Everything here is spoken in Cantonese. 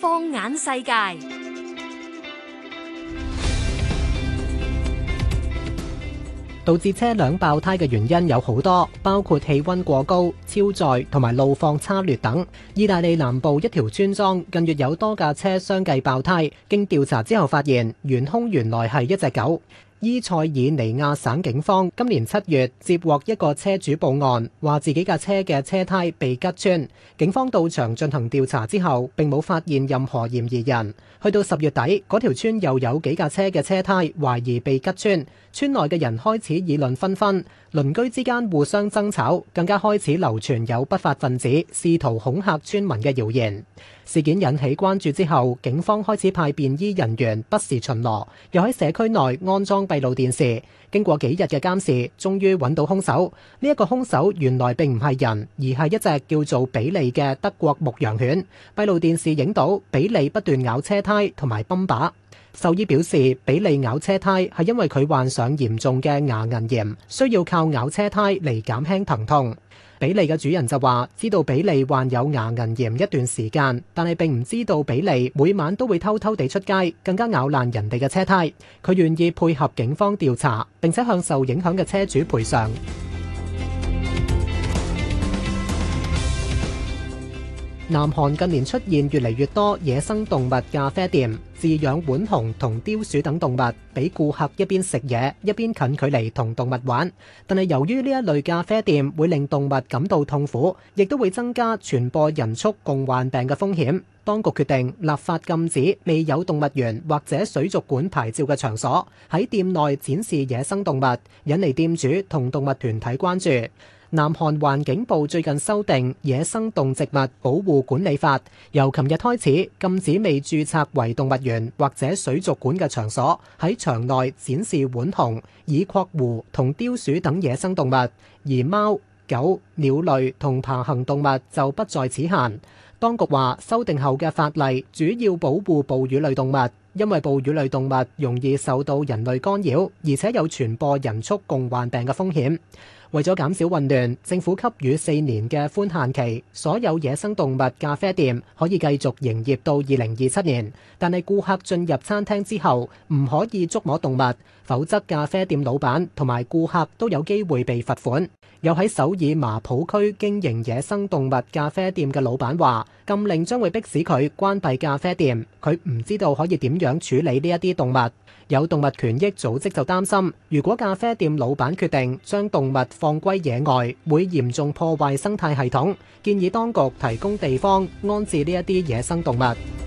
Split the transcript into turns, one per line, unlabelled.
放眼世界，導致車輛爆胎嘅原因有好多，包括氣溫過高、超載同埋路況差劣等。意大利南部一條村莊近月有多架車相繼爆胎，經調查之後發現，元凶原來係一隻狗。伊塞爾尼亞省警方今年七月接獲一個車主報案，話自己架車嘅車胎被吉穿。警方到場進行調查之後，並冇發現任何嫌疑人。去到十月底，嗰條村又有幾架車嘅車胎懷疑被吉穿，村內嘅人開始議論紛紛，鄰居之間互相爭吵，更加開始流傳有不法分子試圖恐嚇村民嘅謠言。事件引起關注之後，警方開始派便衣人員不時巡邏，又喺社區內安裝閉路電視經過幾日嘅監視，終於揾到凶手。呢一個凶手原來並唔係人，而係一隻叫做比利嘅德國牧羊犬。閉路電視影到比利不斷咬車胎同埋泵把。獸醫表示，比利咬車胎係因為佢患上嚴重嘅牙齦炎，需要靠咬車胎嚟減輕疼痛。比利嘅主人就話：知道比利患有牙齦炎一段時間，但係並唔知道比利每晚都會偷偷地出街，更加咬爛人哋嘅車胎。佢願意配合警方調查，並且向受影響嘅車主賠償。南韓近年出現越嚟越多野生動物咖啡店，飼養浣熊同貂鼠等動物，俾顧客一邊食嘢一邊近距離同動物玩。但係由於呢一類咖啡店會令動物感到痛苦，亦都會增加傳播人畜共患病嘅風險，當局決定立法禁止未有動物園或者水族館牌照嘅場所喺店內展示野生動物，引嚟店主同動物團體關注。南韓環境部最近修訂《野生動植物保護管理法》，由琴日開始禁止未註冊為動物園或者水族館嘅場所喺場內展示浣熊、耳廓狐同貂鼠等野生動物，而貓、狗、鳥類同爬行動物就不在此限。當局話，修訂後嘅法例主要保護哺乳類動物。因為哺乳類動物容易受到人類干擾，而且有傳播人畜共患病嘅風險。為咗減少混亂，政府給予四年嘅寬限期，所有野生動物咖啡店可以繼續營業到二零二七年。但係顧客進入餐廳之後唔可以捉摸動物，否則咖啡店老闆同埋顧客都有機會被罰款。有喺首爾麻浦區經營野生動物咖啡店嘅老闆話：禁令將會迫使佢關閉咖啡店，佢唔知道可以點樣處理呢一啲動物。有動物權益組織就擔心，如果咖啡店老闆決定將動物放歸野外，會嚴重破壞生態系統，建議當局提供地方安置呢一啲野生動物。